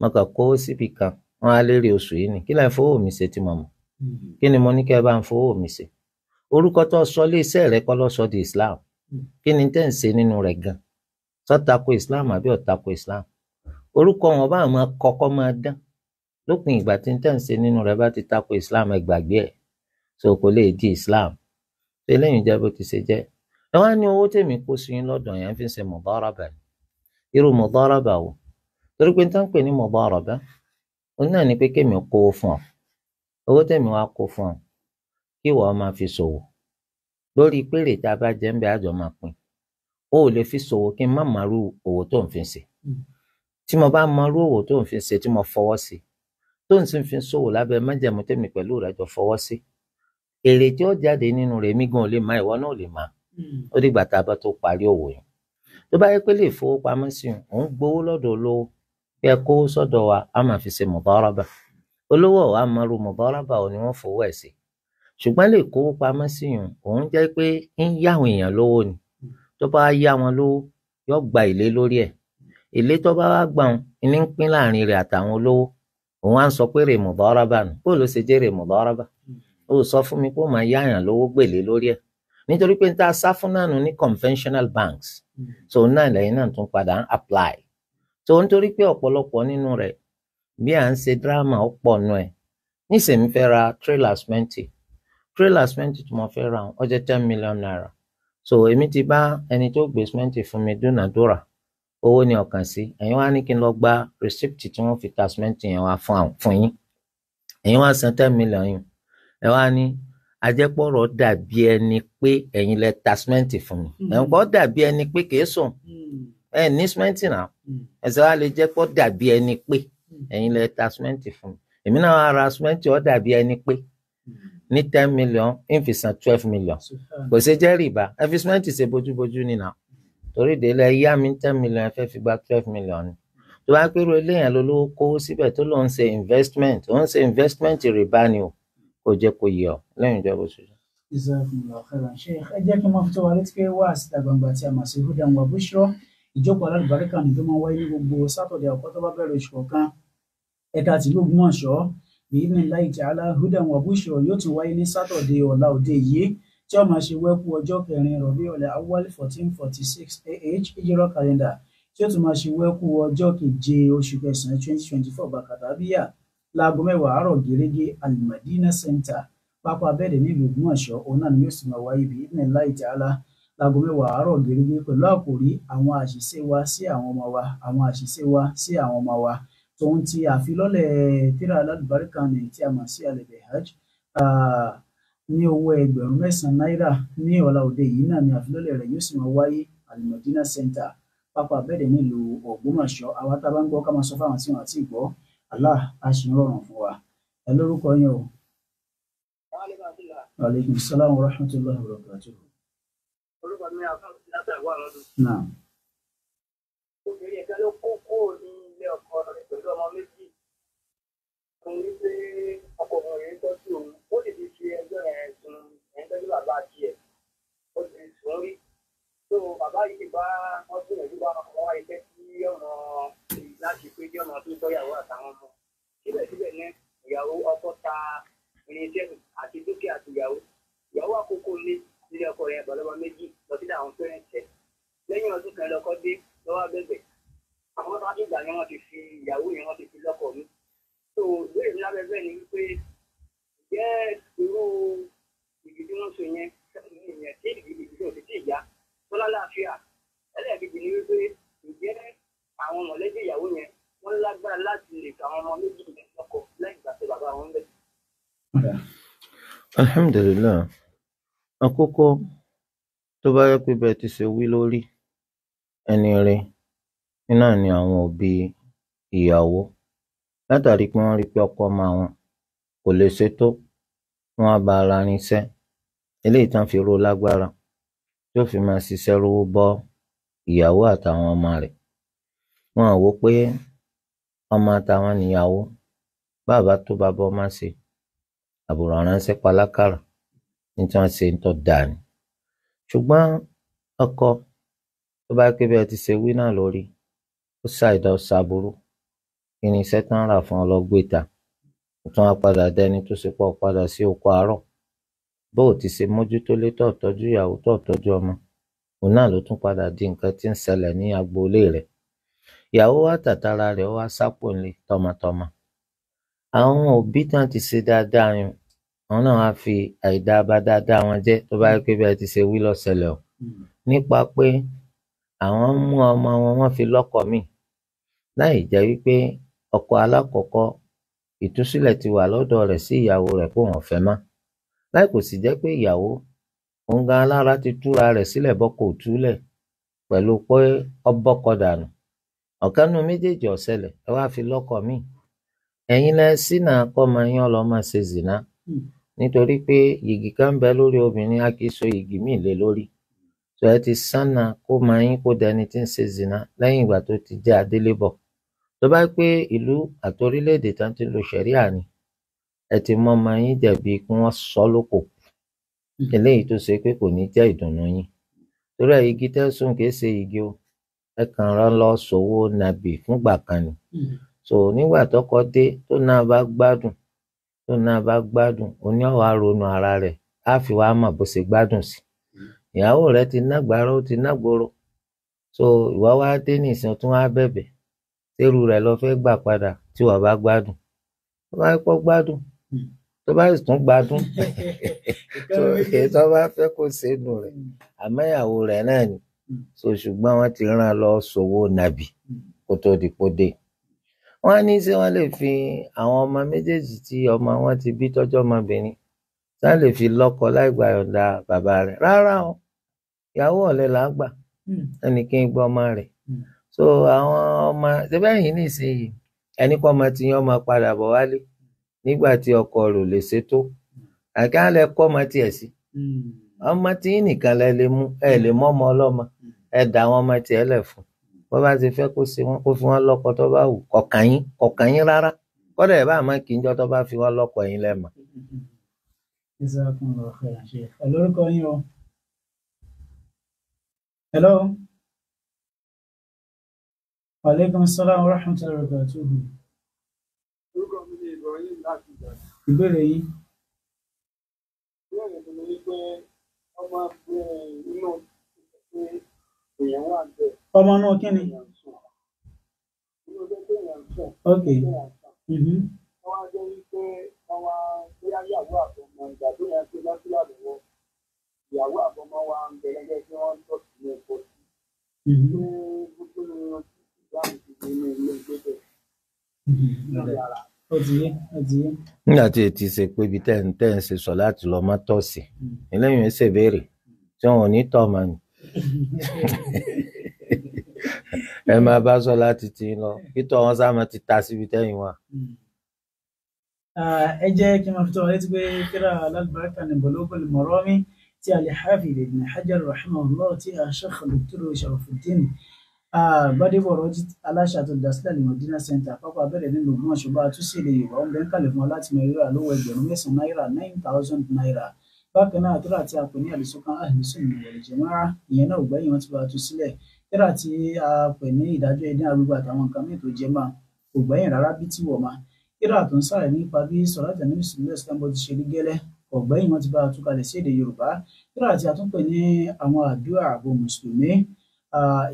Speaker 2: mo kàn kó síbi kan wọn á lérè oṣù yìí ni kí lẹ fowó mi ṣe tí mo mọ̀ hmm. kí ni mo ní kí ẹ bá ń fowó mi ṣe orúkọ tó sọ lé iṣẹ́ rẹ kọ́ ló di Islam hmm. kí ni tẹ́ ń ṣe nínú rẹ̀ gan-an sọ́tako islam àbí ọ̀tako islam orúkọ wọn bá àwọn kọ́kọ́ máa dán lópin ìgbà tí n tẹ̀ ń ṣe nínú rẹ̀ bá ti tako islam ẹ gbàgbé ẹ̀ so kò lè di islam ṣe lẹ́yìn jẹ́ bó ti ṣe jẹ́ ẹ wá ní owó tèmi kó sí yín lọ́dọ̀ yẹn fi ń ṣe mọ̀dọ́rọ̀bà irú mọ̀dọ́rọ̀bà wò torí pé n tán pè ní mọ̀dọ́rọ̀bà òun náà ni pé kémi kó fún ọ owó tèmi wá kó fún ọ kí ìwọ máa fi ṣòwò lórí péré tá a bá jẹ́ ń bẹ àjọ máa pín o ò lè fi ṣòwò kí n má màrú òwò tó ń fi ṣe hmm. tí mo bá mọrú òwò tó ń fi ṣe tí mo fọwọ́ sí tó ń sì fi ṣòwò lábẹ́ májẹ̀mú tèmi pẹ̀lú rẹ̀ jọ fọwọ́ sí èrè tí ó jáde nínú rẹ̀ mí gan ò lè má ìwọ náà ò lè má hmm. ó dìgbà tá a bá tó parí òwò yẹn tó bá yẹ pé lè fowópamọ́ sí òun gbowó lọ́dọ̀ olówó bí ẹ kó sọ́dọ̀ wa a máa fi ṣe mọ̀báràbà olówó wa máa ro ò ní wọ́n fowó ẹ̀ sí ṣùgbọ́n lè kówó pamọ́ sí òun jẹ́ pé ń yáwọn èèyàn lówó ni tó bá yá wọn lówó yóò gba èlé lórí ẹ̀ èlé tó bá wá gbà ń ní pín láàrin rẹ̀ àtàwọn olówó òun á sọ pé rèmọ̀ lọ́rọ́ nù bó ló ṣe jẹ́ rèmọ̀ lọ́rọ́ ó sọ fún mi pé ó máa yáyàn lówó gbèlé lórí ẹ̀ nítorí pé n ta sá ní conventional banks so náà lẹ́yìn náà tún padà ń apply so nítorí pé ọ̀pọ̀lọpọ̀ nínú rẹ̀ bí à ń ṣe drama ọ̀pọ̀ nù ẹ̀ níṣẹ́ mi fẹ́ ra trailer sminty trailer sminty tí mo fẹ́ ra ó ten million naira so èmi ti bá ẹni tó gbé sìmẹ́ǹtì fún mi dúnàádúrà owó ni ọ̀kan sí ẹ̀yin wá ní kí n lọ gba rìsíptì tí wọ́n fi ta sìmẹ́ǹtì yẹn wá fún yín ẹ̀yin wá san ten million yìí ẹ wá ní ajẹ́pọ̀rọ̀ dàbí ẹni pé ẹ̀yin lẹ ta sìmẹ́ǹtì fún mi hmm. ẹ̀ǹkọ́ dàbí ẹni pé kìí sùn hmm. ẹ̀ ní sìmẹ́ǹtì náà hmm. ẹ̀sẹ̀ wá lè jẹ́pọ̀ dàbí ẹni pé ẹ̀yin lẹ ta sìmẹ́ǹtì fún mi èmi náà ra sìmẹ́ǹtì ó dàbí ẹni pé ní ten million ń fi san twelve million kò ṣe jẹ́ rìbá investment ṣe bójúbójú nìyà torí délé yá mi ten million ẹ fẹ́ fi gba twelve million ni tó bá pérò eléyàn lolówó kówó síbẹ̀ tó lòún ṣe investment òun ṣe investment rìbá ni o kò jẹ́ kó yẹ ọ lẹ́yìn ìjọba oṣooṣù.
Speaker 1: ẹ jẹ́ kí n máa fi tó wa létí pé wá síta gbangba tí a mọ̀ sí hudan wa bushro ìjókòó alálùbáríkà ni máa wáyé ní gbogbo sátọ̀dẹ̀ ọ̀pọ̀ bá bẹ̀rẹ̀ oṣù bíníláì tààlà hudan wabushro yóò tún wáyé ní sátọdẹ ọ̀la òde yìí tí ó máa ṣe wẹ́kú ọjọ́ kẹrin rọ̀bí ọ̀lẹ̀ awal fourteen forty six AH ìjírọ̀ kàlẹ́ndà tí ó tún máa ṣe wẹ́kú ọjọ́ keje oṣù kẹsàn twenty twenty four bàkàtàbíyà láago mẹ́wàá àárọ̀ gẹ́gẹ́ alimadina center pápá abẹ́ẹ̀dẹ̀ nílùú Ògbómọ̀ṣọ́ òun ni yóò sì máa wáyé bíníláì tààlà láago mẹ́wàá àárọ̀ gẹ́gẹ́ pẹ̀lú àkòrí àwọn àṣìṣe wa sí àwọn ọmọ wa àwọn àṣìṣe wa sí àwọn ọmọ wa tòun ti àfilọ́lẹ̀ tírà alálùbáríkà ni tí a mọ̀ sí Al-Minhaj ní owó ẹgbẹ̀rún mẹ́sàn-án náírà ní ọ̀la òde yìí náà ni àfilọ́lẹ̀ rẹ̀ yóò sì máa wáyé Al-Madina Center pápá abẹ́ẹ̀dẹ̀ nílùú Ògbómọ̀ṣọ́ àwa tá a bá ń gbọ́ ká máa sọ fáwọn tí wọn àti gbọ́ Allah á ṣe ń rọrùn fún wa ẹ lórúkọ yín o. aleykum salaam wa rahmatullahi wa barakatuh.
Speaker 3: orúkọ mi àbá fún un wípé ọkùnrin rẹ̀ ń tọ́jú òun ó sì ti fi ẹgbẹ́ rẹ̀ sun ẹ̀ ń tọ́jú bàbá tiẹ̀ ó sì sùn rí tó bàbá yìí bá wọ́n gbìyànjú bá ọkọ̀ wá iṣẹ́ sí ọ̀nà láti pé kí ọ̀nà tó tọ́yàwó àtàwọn ọmọ síbẹ̀síbẹ̀ ní ìyàwó ọkọ ta irinṣẹ́ àti dúkìá àti ìyàwó ìyàwó àkókò ní ilé ọkọ rẹ̀ bọ̀lọ́bọ̀ méjì lọ sí àwọn pẹ́rẹ́ǹtẹ̀ lẹ́yìn ọdún kan lọ́kọ́ dé lọ́wọ́ bẹ̀bẹ̀ àwọn tó wá tó gbà ni wọ́n ti fi ìyàwó yẹn wọ́n ti fi lọ́kọ mi so ìbéèrè mi lábẹ́bẹ́ ni wípé jẹ́ irú ìdí tí wọ́n so yẹn ìyẹn tí ìdí tí ò sì tí ì yá tọ́lá láàfíà ẹlẹ́ẹ̀kejì ni wípé ìjẹ́ àwọn mọ̀lẹ́bí ìyàwó yẹn wọ́n lágbára láti lè ka àwọn ọmọ méjì yẹn lọ́kọ lẹ́yìn ìgbà tí bàbá wọn bẹ̀.
Speaker 2: alhamdulilayi àkọ́kọ́ tó bá yẹ pé bẹ́ẹ̀ ti ṣe wí lórí ẹni rẹ iná ni àwọn òbí ìyàwó látàrí pé wọ́n rí i pé ọkọ ọmọ àwọn kò lè ṣe tó wọ́n á ba ara rinṣẹ́ eléyìí tán fi ro lágbára tí ó fi máa ṣiṣẹ́ rówó bọ́ ìyàwó àtàwọn ọmọ rẹ̀ wọn à wò pé ọmọ àtàwọn níyàwó bàbá tó bàbá ọmọ ṣe àbùrọ̀ ránṣẹ́ palákàrà ní tí wọ́n ṣe ń tọ́ da ni ṣùgbọ́n ọkọ tó bá pé bí ẹ ti ṣe wí náà lórí ó ṣàìdá ó ṣàbúrú irinṣẹ́ tán rà fún ọ lọ gbé ta ó tún wáá padà dẹni tó ṣe pọ̀ padà sí oko àárọ̀ bó o ti ṣe mójútólé tó tọ́jú ìyàwó tó tọ́jú ọmọ òun náà ló tún padà di nǹkan tí ń ṣẹlẹ̀ ní agboolé rẹ̀ ìyàwó wa tàtàrà rẹ̀ wá sápò nílé tọmọtọmọ àwọn òbí tán ti ṣe dáadáa yun àwọn náà wáá fi àìdá bá dáadáa wọn jẹ́ tó bá yẹ pé bẹ́ẹ̀ ti ṣe wí ló ṣẹlẹ̀ o nípa pé àwọn mú ọmọ wọn wọ́n fi lọ́kọ míì láì jẹ́ wípé Ọkọ alákọ̀ọ́kọ́, ìtúsílẹ̀ ti wà lọ́dọ̀ rẹ̀ sí ìyàwó rẹ̀ póun ò fẹ́ mọ́. Láì kò sì jẹ́ pé ìyàwó òun gan alára ti túra rẹ̀ sílẹ̀ bọ́kọ pẹ̀lú pé fi mi. Ẹ̀yin lẹ yín ṣe zìnà nítorí pé kan bẹ lórí obìnrin a kì so míì lé lórí. ẹ ti kó yín kó dẹni tí ń ṣe zìnà lẹ́yìn ìgbà tó ti tó bá jẹ́ pé ìlú àti orílẹ̀-èdè tán ti lo ṣẹ̀ríà ni ẹ ti mọ ọmọ yín jẹ̀bi kí wọ́n sọ lókò hmm. eléyìí tó ṣe pé kò ní jẹ́ ìdùnnú yín torí ẹ̀ igi tẹ́sùn kìí ṣe igi o ẹ kàn rán lọ sòwò nàbì fúngbà kan ni hmm. so nígbà tọkọ dé tó náà bá gbádùn tó náà bá gbádùn oní ọ̀wá ronú ara rẹ̀ á fi wá mọ̀ bó ṣe gbádùn sí hmm. ìyàwó rẹ̀ ti nágbàárọ̀ ó ti nágboro so ìwà wa dé nìsín tún wá bẹ̀bẹ̀ tẹ́rù rẹ̀ lọ fẹ́ gbà padà tí wàá bá gbádùn tó bá kọ́ gbádùn tó bá tún gbádùn tó èyí tó bá fẹ́ kó sẹ́nu rẹ̀ àmẹ́yàwó rẹ̀ náà ni so ṣùgbọ́n wọ́n ti rán lọ sòwò nàbì kó tó di kó dé wọ́n ní ṣé wọ́n lè fi àwọn ọmọ méjèèjì tí ọmọ wọn ti bí tọ́jọ́ ọmọbìnrin tá lè fi lọ́kọ láì gba bàbá rẹ̀ rárá o ìyàwó ọ̀lẹ là ń gbà ẹnì hmm. kí n gbọ́ ọmọ rẹ̀ so àwọn ọmọ ṣẹbẹyìn nísìnyìí ẹni kọ́ ọmọ tiyín ọmọ padà bọ̀ wálé nígbà tí ọkọ rò lè ṣètò àkàlẹ̀ kọ́ ọmọ tiẹ̀ sí hmm. ọmọ tiyín nìkan lẹ lè mú ẹ lè mọ ọmọ ọlọ́mọ hmm. ẹ dà àwọn ọmọ tiẹ̀ lẹ̀ fún bó bá ti fẹ́ kó ṣe wọn kó fi wọn lọ́kọ tó bá wù kọ̀ọ̀kan yín kọ̀ọ̀kan yín rárá kọ́dà ẹ̀ bá àmọ́ kì í jọ tó bá fi wọn lọ́kọ yín lẹ́mọ.
Speaker 1: ẹ lórúkọ yín o. Aleykum salaam wa rahmatullahi wa barakatuhu. Orúkọ mi ni Ibrahim láti ìgbà. Ìbéèrè yìí.
Speaker 3: Ìbéèrè mi ni pé ọmọ inú èèyàn wà bẹ́ẹ̀.
Speaker 1: Ọmọ náà kí ni?
Speaker 3: Inú ọjọ́ pé èèyàn sùn.
Speaker 1: Ok. Mhm. Wọ́n á jẹ́ wípé
Speaker 3: ọmọ bóyá ìyàwó àbọ̀mọ ìgbà tó yẹn ti lọ sí àbẹ̀wọ̀. Ìyàwó àbọ̀mọ wa ń bẹ̀rẹ̀ gẹ́gẹ́ bí wọ́n tọ́ sí ẹ̀kọ́ sí. Ṣé gbogbo nígbà
Speaker 2: tí etí ṣe pé ibi tẹ́ ń tẹ́ ń ṣe sọ láti lọ má tọ̀ sí eléyìí ń tí wọn ò ní tọ̀ mà ní. ẹ máa bá sọ láti ti lọ kítọ̀ wọn sáà ti ta síbi tẹ́yìn wa.
Speaker 1: ẹ jẹ́ kí n máa fi tọ́ ọ létí pé kíra alábàákà ní Bulugul Marami tí al-Hafidh Ibn Hajar rahimahullah tí a Sheikh Dr. Sharafuddin Gbadebo Ọ̀rọ́jí aláṣẹ àti olùdásílẹ̀ Al-Modina Center pápá abẹ́rẹ́ nílùú Ògbómọ̀ṣọ́ bá a tú sí èdè Yorùbá ó ń bẹ fún wa láti mọ rírà lówó ẹgbẹ̀rún mẹ́sàn-án náírà nine thousand naira bákan náà tírà tí a pè ní àlùsókàn àlùsùnmí ìjẹmọ́ra ìyẹn náà ò gbẹ́yìn wọn ti bá a tú sílẹ̀ tírà tí a pè ní ìdájọ́ ẹdín arúgbó àtàwọn nǹkan míì tó jẹ mọ́ kò gbẹ́yìn rárá bí tí wọ̀ ma tírà tó ń sàrẹ̀ nípa bí sọ̀rọ̀tà níbi sílẹ̀ sọ́kànbó ti ṣe rí gẹ́lẹ́ kò gbẹ́yìn wọn ti bá a tú kalẹ̀ sí èdè Yorùbá tírà tí a tún pè ní àwọn àdúrà àbò mùsùlùmí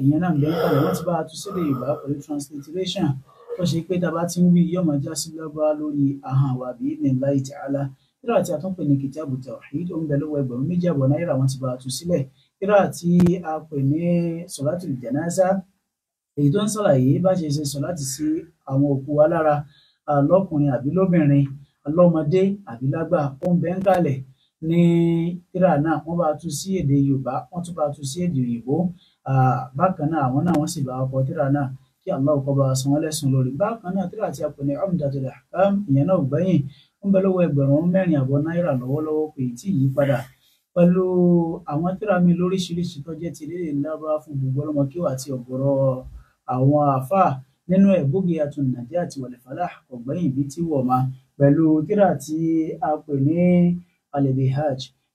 Speaker 1: ìyẹn náà bẹ́ẹ̀ kalẹ̀ wọ́n ti bá a tú sílẹ̀ yorùbá pẹ̀lú transliteration tó ṣe pé tá a bá ti ń wí yọ̀mọ̀ já sí lọ́gbàá lórí ahọ́n àwa bíi ní láì tààlà irú àti àtúnpè ní kìtàbù tawhid ó ń bẹ lọ́wọ́ ẹgbẹ̀rún méjì àbọ̀ náírà wọ́n ti bá a tú sílẹ̀ irú àti a pè ní sọ̀látù jẹ̀nàza èyí tó ń sàlàyé bá ṣe ṣe sọ̀látù sí àwọn òkú wa lára lọ́kùnrin àbí lóbìnrin lọ́mọdé àbí lágbà ó ń bẹ ń kalẹ̀ ní tíra náà wọ́n bá a tú sí èdè yorùbá wọ́n tún bá a tú sí èdè òyìnbó bákan náà àwọn náà wọ́n sì bá wa kọ tírà náà kí Allah kó bá wa san wọ́n lẹ́san lórí bákan náà tírà tí a pè ní Umdatul Ahkam ìyẹn náà gbẹ̀yìn ń bẹ lọ́wọ́ ẹgbẹ̀rún mẹ́rin àbọ̀ náírà lọ́wọ́lọ́wọ́ pé tí yí padà pẹ̀lú àwọn tírà mi lóríṣiríṣi tó ti lédè Lárúbáwá fún gbogbo ọlọ́mọ àti ọ̀gọ̀rọ̀ àwọn àáfàá nínú ẹ̀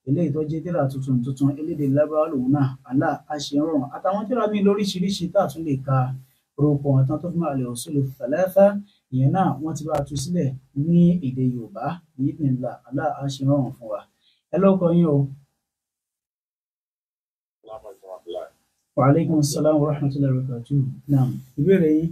Speaker 1: eléyìí tó jẹ́ tírà tuntun tuntun elédè lábáwá lòun náà Allah àṣẹrọrùn àtàwọn tírà míì lóríṣiríṣi tá a tún lè ka orúkọ wọn tán tó fi máa lè ọ̀ṣun lè fàlàfà ìyẹn náà wọ́n ti bá a tu sílẹ̀ ní èdè Yorùbá ìyídìnlá Allah àṣẹrọrùn fún wa ẹ lọ́kọ yín o. wa aleykum salaam wa rahmatulahi wa barakatuh naam ìbéèrè yín.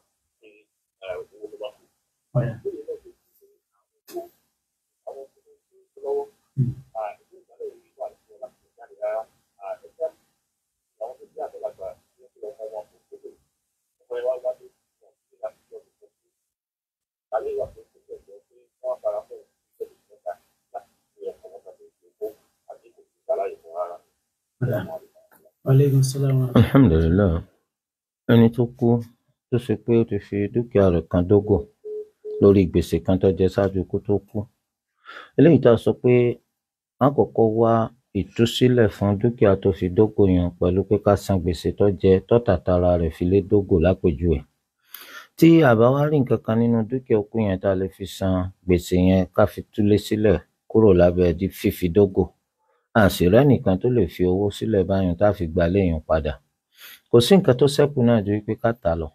Speaker 1: وعليكم السلام ورحمة الله
Speaker 2: الحمد لله يعني توقو tó ṣe pé ó ti fi dúkìá rẹ̀ kan dógò lórí gbèsè kan tó jẹ ṣáájú kó tó kú eléyìí tá a sọ pé a kọ́kọ́ wá ìtúsílẹ̀ fún dúkìá tó fi dógò yàn pẹ̀lú pé ká san gbèsè tó jẹ tọta tara rẹ̀ fi lé dógò lápèjúwe tí a bá wá rí nǹkan kan nínú dúkìá òkú yẹn tá a lè fi san gbèsè yẹn ká fi túlé sílẹ̀ kúrò lábẹ́ di fífi dógò àṣìrẹ nìkan tó lè fi owó sílẹ̀ báyìí tá a fi gba léèyàn padà kò sí nǹkan tó ṣẹ́kù náà ju pé ká tà lọ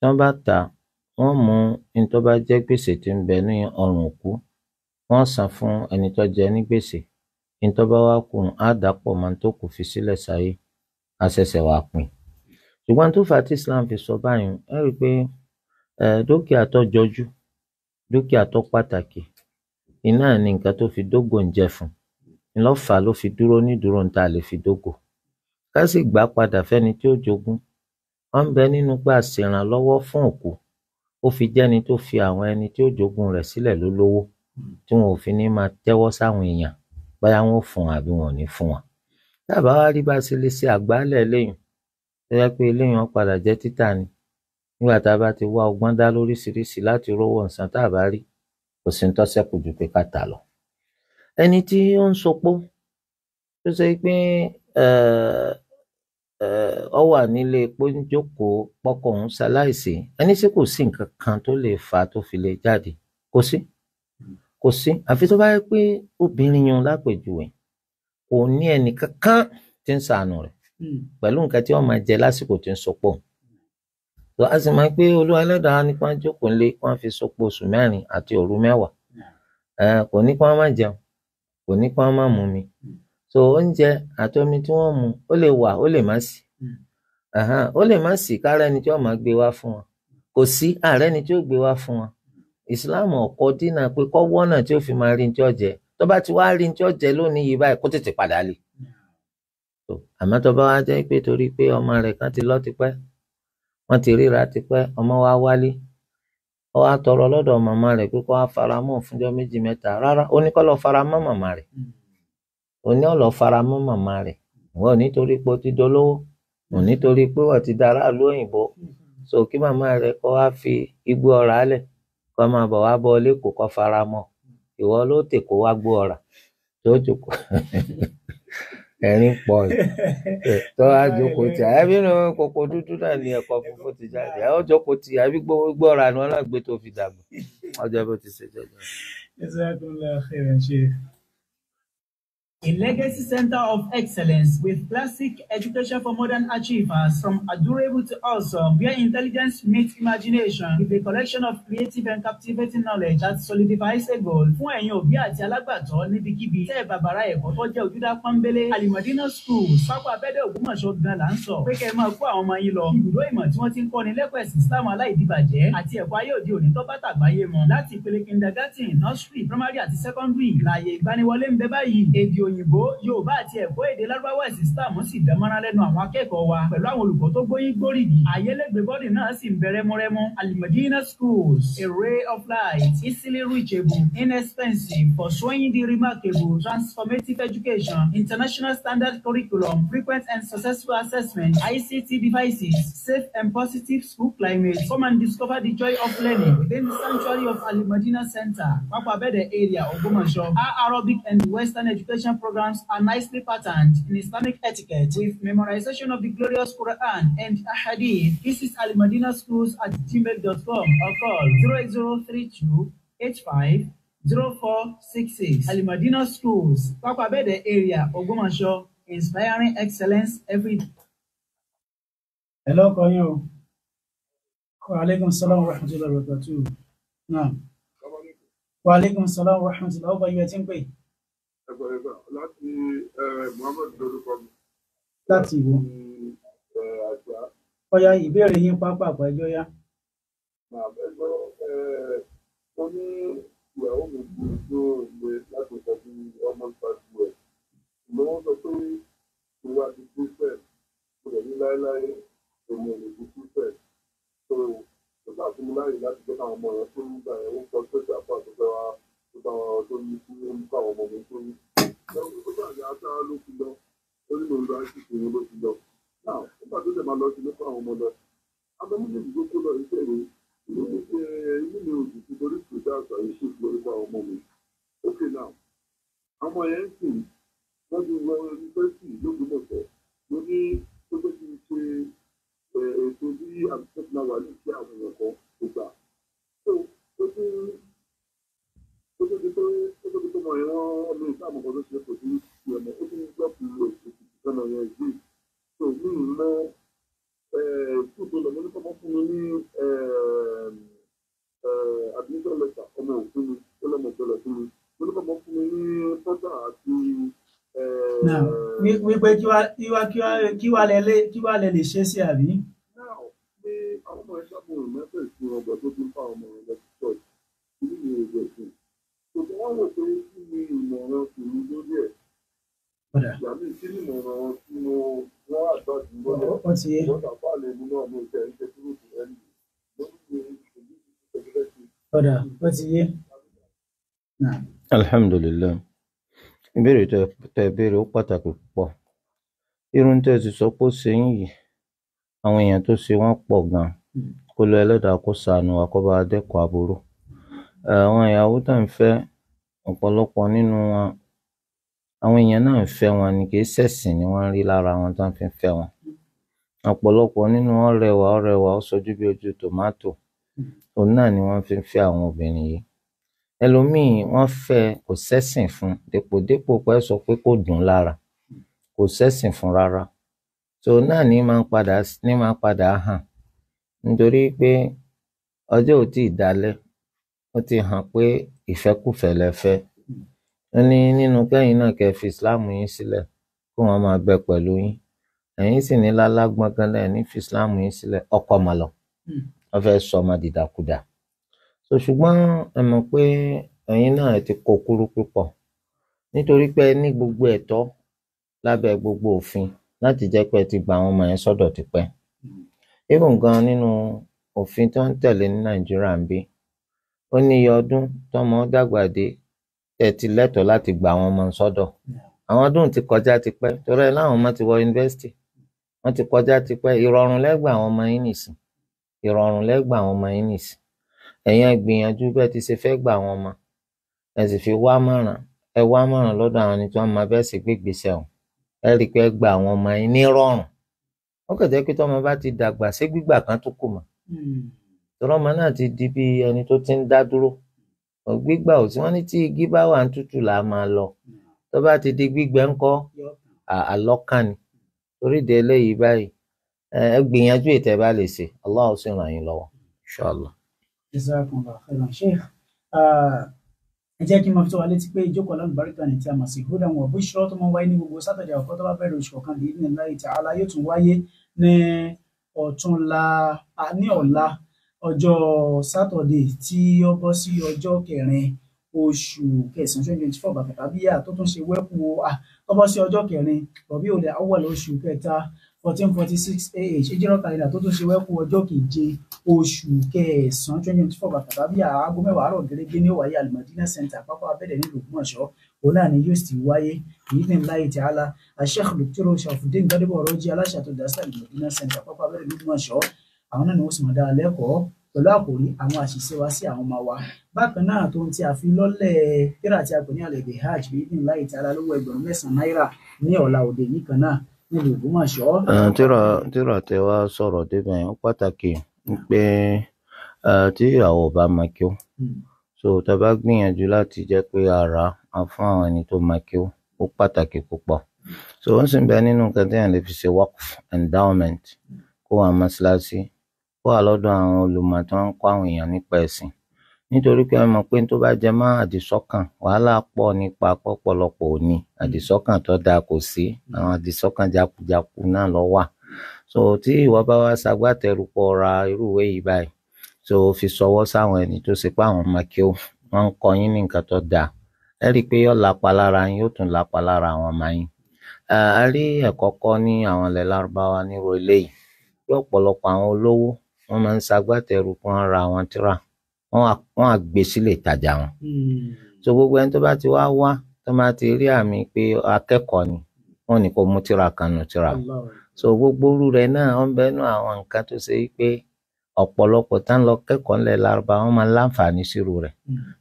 Speaker 2: tí wọ́n bá tà á, wọ́n mú n tó bá jẹ́ gbèsè tí ń bẹ ní ọrùn òkú, wọ́n san fún ẹni tó jẹ ní gbèsè, n tó bá wá kù á dà á pọ̀ mọ́ fi sílẹ̀ sáyé, á ṣẹ̀ṣẹ̀ wá pín Ṣùgbọ́n tó fà tí Islam fi sọ báyìí ẹ rí i pé dúkìá tó jọjú, dúkìá tó pàtàkì n náà ni nǹkan tó fi dógò ń jẹ fún un n ló fà á ló fi dúró nídùúró n tá a lè fi dógò. Ká sì gbà padà fẹ́ni tí ó jogún Ó ń bẹ nínú pé a ṣèrànlọ́wọ́ fún òkú, ó fi jẹ́ni tó fi àwọn ẹni tí ó jogún rẹ̀ sílẹ̀ ló lówó tí wọn ò fi ní máa tẹ́wọ́ sáwọn èèyàn bóyá wọn ò fún àbí wọn ò ní fún wọn. Tá wá rí bá a ṣe lè ṣe àgbálẹ̀ eléyìí tó jẹ́ pé eléyìí ó padà jẹ́ títà ni nígbà tá a bá ti wá ọgbọ́n dá lóríṣiríṣi láti rówó san tá a bá rí kò sí ní tó ṣẹ́kù ju pé ká tà lọ. Ẹni tí ó ń sopó tó ṣe pé ọ wà nílé epo ń jókòó pọkọ òun ṣaláìsí ẹni tí kò sí nǹkan kan tó lè fà á tó fi lè jáde kò sí kò sí àfi tó bá yẹ pé obìnrin yun lápèjúwe kò ní ẹnì kankan tí ń sànù rẹ̀ hmm. pẹ̀lú nǹkan tí wọ́n máa jẹ lásìkò tí ń sopọ̀ tó a sì máa pé olúwa ẹlẹ́dàá nípa jókòó lé kí wọ́n fi sopọ̀ oṣù mẹ́rin àti òru mẹ́wàá kò ní kí wọ́n jẹun kò ní kí wọ́n má mumi. Hmm. so oúnjẹ àti omi tí wọ́n mu ó lè wà ó lè má sí hmm. ó lè má sí kára ẹni tí wọ́n máa gbé wá fún wọn kò sí ààrẹ ẹni tí ó gbé wá fún wọn ìsìláàmù ọkọ dínà pé kọwọ náà tí ó fi máa rí ní ọjẹ tó bá ti wá rí ní tí lónìí yìí báyìí kó tètè padà lè tó bá wá pé torí pé ọmọ kan ti lọ wọn ti ríra tipẹ́ ọmọ wa wálé wá tọrọ màmá pé kó wá méjì mẹ́ta rárá ó ní òní ọlọ fara mọ́ màmá rẹ̀ wọn nítorí pé ó ti dolówó wọn nítorí pé wọn ti daráàlú òyìnbó so kí màmá rẹ̀ kó wá fi igbó ọrà lẹ kó máa bọ wá bọ lẹkọọ fara mọ ìwọ ló tè kó wá gbó ọrà tó jòkó [laughs] tó wá àbí kòkó dúdú náà funfun ti jáde àwọn àbí ni náà gbé tó fi dàgbà bó ti ṣe jọjọ.
Speaker 1: ẹ a legacy center of excellence with classic education for modern achievers from adorable to awesome, where intelligence meets imagination with a collection of creative and captivating knowledge that solidifies a goal. Fún ẹ̀yin òbí àti alágbàtọ́ níbikíbi, tẹ́ bàbàrà ẹ̀kọ́ tó jẹ́ ojúdá pọ́nbélé, Alimadina School, Sápá Abẹ́dẹ̀ Ògbómọ̀ṣọ́ gan la ń sọ. Pé kẹ́ ẹ máa kó àwọn ọmọ yín lọ. Ibùdó ìmọ̀ tí wọ́n ti ń kọ́ni lẹ́kọ̀ọ́ ẹ̀sìn Islam aláìdíbàjẹ́ àti ẹ̀kọ́ ayé òde òní tó bá tàgbáyé mọ́. nursery, primary àti secondary, làyè ìgbaniwọlé ń bẹ báyìí òyìnbó yorùbá àti ẹ̀kọ́ èdè lárúbáwá ẹ̀sìn islam sì dánmọ́rán lẹ́nu àwọn akẹ́kọ̀ọ́ wa pẹ̀lú àwọn olùkọ́ tó gbóyìn gbóríyìn ayélégbé bọ́ọ̀lì náà sì ń bẹ rẹ́múrẹ́mú alimadina schools a ray of light easily reachable inexpensive for showing the remarkable transformative education international standard curriculum frequent and successful assessment ict devices safe and positive school climate come and discover the joy of learning within the sanctuary of alimadina center pápá abẹ́dẹ̀ area ògbómọ̀ṣọ́ arabic and western education programs are nicely patterned in Islamic etiquette with memorization of the glorious Quran and Ahadith. This is Alimadina Schools at gmail.com or call 08032 85 0466. Al Madina Schools, Pakwabede area, Ogumasho, inspiring excellence every day. Hello, Koyo. Wa salam wa rahmatullahi wa barakatuh. Naam. Wa salam wa rahmatullahi wa barakatuh ẹgbẹ̀rẹ̀gbà láti Muhammed lórúkọ mi. láti ìwọ. ọ̀ya ìbéèrè yín pápá àpẹjọ yá.
Speaker 3: àpẹjọ ó ní ìyàwó mi kú tó ìwé láti ìtọ́jú ọmọ ìpàdé ẹ̀ ṣùgbọ́n wọ́n sọ pé ìwà ti kú fẹ̀ kò lè ní láéláé èmi ò lè fi kú fẹ̀ tó tó bá fún mi láyè láti gbé àwọn ọmọ rẹ̀ tó ń gbà ẹ̀ ń sọ pé ìjà fún àtúntò wa tó ní kú ó ń kọ́ àwọn ọmọ mi tó ní. ó gbàgbé aṣáá ló ti lọ ó ní mòlúdà ṣìṣe wọn ló ti lọ. náà ó gbà tó lè máa lọ sí ilé fún àwọn ọmọ lọ. abẹ́ méjèèjì tó kó ok now àwọn yẹn ń sìn wọ́n ti wọ yunifásitì lóògbémọ̀ṣọ́ mo ní tó pé kí n ṣe ètò bí àbíṣẹ́ fúnra wà ní ìṣe àwọn èèyàn kan ó tó di pé ó tó di pé mo ìran ọmọ ìta àmọ̀kọ́ tó ṣe kò sí ìlú ẹ̀mọ́ ó tún gbọ́ kí lo èsì ìjọba yẹn yìí tó ní ìmọ̀ fún tó lọ́mọ nípa mọ́ fún mi ní
Speaker 1: admission letter ọmọ òfin mi ó lọ́mọ ìjọba fún mi mo nípa mọ́ fún mi ní pọ́tà àti. wípé kí wàá lè ṣe sí àbí. ti yé.
Speaker 2: alhamdulilayi ìbéèrè tẹ ìbéèrè ó pàtàkì púpọ̀ irun tẹ ti sọ pé ó ṣe ń yìí àwọn èèyàn tó ṣe wọ́n pọ̀ gan-an hmm. kó lọ ẹlẹ́dàá kó ṣàánú àkọ́bá adẹ́kọ̀ọ́ aburú àwọn ìyàwó tá ń fẹ́ ọ̀pọ̀lọpọ̀ nínú wọn àwọn èèyàn náà ń fẹ́ wọn ni kì ṣẹ̀sìn ni wọ́n rí lára wọn tó ń fi fẹ́ wọn ọ̀pọ̀lọpọ̀ nínú wọn rẹwà ó ó sojú bí ojú tòmátò òun náà ni wọ́n fi ń fẹ́ àwọn obìnrin yìí ẹlòmíì wọ́n fẹ́ kò sẹ́sìn fún dépòdépò pé sọ pé kò dùn lára kò sẹ́sìn fún rárá tó náà ní máa ń padà ní máa ń padà hàn nítorí pé ọjọ́ ò tí ì dalẹ̀ ó ti hàn pé ìfẹ́kùfẹ́ lẹ fẹ́ ó ní nínú kẹ́yìn náà kẹ́ fi islam yín sílẹ̀ kó wọ́n máa bẹ pẹ̀lú yín ẹ̀yin sì ní lálágbọ́n gan náà ní fi islam yín sílẹ̀ ọkọ̀ màlọ́. wọ́n fẹ́ sọ ọmọ dìdàkudà so ṣùgbọ́n ẹ mọ̀ pé ẹ̀yin náà ti kó kúrú púpọ̀ nítorí pé ẹ ní gbogbo ẹ̀tọ́ lábẹ́ gbogbo òfin láti jẹ́ pé ẹ ti gba àwọn ọmọ yẹn sọ́dọ̀ tipẹ́ even gan nínú òfin tó ń tẹ̀lé ní nàìjíríà ń bí ó ní iye ọdún tọmọ dàgbà dé ẹ ti láti gba àwọn ọmọ sọ́dọ̀ àwọn ọdún ti kọjá tipẹ́ torí ẹ láwọn ọmọ ti wọ yunifásitì wọ́n ti kọjá tipẹ́ ìrọ̀rùn lẹ́gbàá àwọn ọmọ yín nìsín ìrọ̀rùn lẹ́gbà àwọn ọmọ yín nìsí ẹ̀yin agbìyànjú bẹ́ẹ̀ ti ṣe fẹ́ gbà àwọn ọmọ ẹ sì fi wá mọ̀ràn ẹ wá mọ̀ràn lọ́dọ̀ àwọn ẹni tí wọ́n máa bẹ́ẹ̀ sì gbé ìgbésẹ̀ ọ̀hún ẹ rí i pé ẹ gba àwọn ọmọ yín ní rọ̀rùn ó kẹ̀tẹ́ pé tọ́mọ bá ti dàgbà ṣé gbígbà kan tó kù mọ́ tọ́rọ ọmọ náà ti di bí ẹni tó ti ń dá dúró gbígbà ò tí wọ́n ní tí igi bá wà ń tútù là á máa lọ tó bá ti di gbígbẹ ńkọ́ àlọ́kàn ni torí de báyìí ẹ gbìyànjú ètò ẹ bá lè ṣe Allah ó sì ràn yín lọ́wọ́ inshallah.
Speaker 1: jazakumullahu khairan sheikh ẹ jẹ́ kí n máa fi tó wa létí pé ìjókòó alábàárìkà ní ti a mọ̀ sí hudan wa bushra tó máa wáyé ní gbogbo sátọ̀dẹ̀ ọ̀kọ́ tó bá bẹ̀rẹ̀ oṣù kọ̀ọ̀kan lè ní láì ta'ala yóò tún wáyé ní ọ̀túnla ní ọ̀la ọjọ́ sátọ̀dẹ̀ tí ó bọ́ sí ọjọ́ kẹrin oṣù kẹsàn-án twenty twenty four bàtàkà bíyà tó tún ṣe wẹ́kú ó bọ́ sí ọjọ́ kẹrin rọ̀bí òde awọ́lẹ̀ oṣù kẹta fourteen forty six AH ìjírọ̀ kàlẹ́dà tó tún ṣe wẹ́kú ọjọ́ keje oṣù kẹsàn-án twenty twenty four bàtà bíi aago mẹ́wàá àárọ̀ gẹ́gẹ́ ní òwáyé al Center pápá abẹ́dẹ̀ nílùú Ògbómọ̀ṣọ́ òun náà ni yóò sì wáyé èyí ní láyé tí a la Sheikh Dr. Sharafudeen Gbadebo Ọ̀rọ̀jì aláṣẹ àtọ̀dásílẹ̀ Al-Madina Center pápá abẹ́dẹ̀ nílùú Ògbómọ̀ṣọ́ àwọn náà ni wọ́n sì máa dára lẹ́kọ̀ọ́ pẹ̀lú àkòrí àwọn àṣìṣe wa sí àwọn ọmọ wa bákan náà tó ń ti àfilọ́lẹ̀ tíra tí a pè ní alẹ́ the hajj bíi ní láyé tí a la lówó ẹgbẹ̀rún mẹ́sàn-án náírà ní ọ̀la òde yìí náà nílùú Ògbómọ̀ṣọ́.
Speaker 2: tírọ̀ tẹ wá sọ̀rọ̀ débẹ̀ yẹn ó pàtàkì pé tí àwọn ò bá mọ kí ó so tá a bá gbìyànjú láti jẹ́ pé ara a fún àwọn ẹni tó mọ kí ó ó pàtàkì púpọ̀ so ó sì ń bẹ nínú nǹkan tí èèyàn lè fi ṣe waqf endowment kó wà mọ́ṣáláṣí kó wà lọ́dọ̀ àwọn olùmọ̀ tí wọ́n ń kọ́ àwọn èèyàn nípa ẹ̀sìn nítorí pé a mọ̀ pé tó bá jẹ mọ́ àdìsọ́kàn wàhálà pọ̀ nípa pọ̀pọ̀lọpọ̀ òní àdìsọ́kàn tó dáa kò sí àwọn àdìsọ́kàn jákujáku náà lọ wà so tí ìwọ bá wá ṣagbátẹrù pọ̀ ra irú ìwé yìí báyìí so fi sọwọ́ sáwọn ẹni tó ṣe pé àwọn ọmọ kí ó wọ́n ń kọ́ yín ní nǹkan tó dáa ẹ rí i pé yóò lápa lára yín yóò tún lápa lára àwọn ọmọ yín a rí ẹ̀kọ́ kọ́ ní àwọn ilẹ̀ lárúbáwá nírú eléyìí bí ọ̀pọ̀lọpọ̀ àwọn olówó wọ́n máa ń ṣagbátẹrù pọ̀ ra àwọn tíra wọ́n á gbé sílé ìtajà wọn. so gbogbo ẹni tó bá ti wá wá tó máa ti rí àmì pé akẹ́kọ̀ọ́ ni wọ́n ní kó mú tíra kan nù tíra so gbogbo orú rẹ̀ náà wọ́n bẹ́ẹ̀ nú àwọn nǹkan tó ṣe pé ọ̀pọ̀lọpọ̀ tá ń lọ kẹ́kọ̀ọ́ ńlẹ̀ larubá wọ́n máa láǹfààní sírú rẹ̀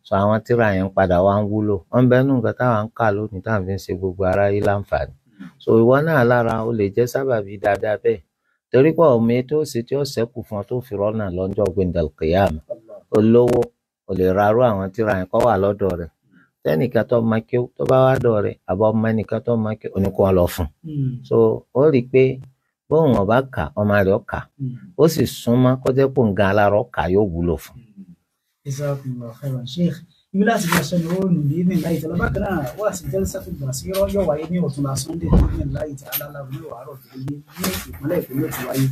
Speaker 2: so àwọn tíra yẹn padà wá ń wúlò wọ́n bẹ́ẹ̀ nú nǹkan táwọn ń kà lónìí táwọn fi ń ṣe gbogbo ara yìí láǹfààní so ìwọ náà lára o lè jẹ́ sábàbí dáadáa bẹ́ẹ̀ torí pé ọ̀mí tó ṣe tí ó ṣẹ́kù fún ọ tó fi rọ́nà lọ́jọ́ gbẹ̀ndàlùkìyàmù olówó kò lè rárú àwọn tíra yẹn kó wà lọ́dọ̀ rẹ̀ tẹnìkan tó máa kí tó bá wà dọ̀ rẹ̀ àbọ̀ ọmọ ẹnìkan tó máa kí oníkó lọ fún hmm. so ó rí i pé bóun ọba kà ọmọ rẹ̀ ọkà hmm. ó sì súnmọ́ kọjá pò ń gan alárọ kà yóò wúlò fún
Speaker 1: hmm. ibi láti fi aṣọ ìwọ òòlù yìí ní ìlà ìtàlọ́ bákan náà wà sí jẹ́rìsẹ́fù gbàsírọ́ yóò wáyé ní ọ̀túnla Sunday ní ìlà ìtàlọ́ àlàbò àárọ̀ tó yé ní ìpínlẹ̀ Èkó yóò
Speaker 3: wáyé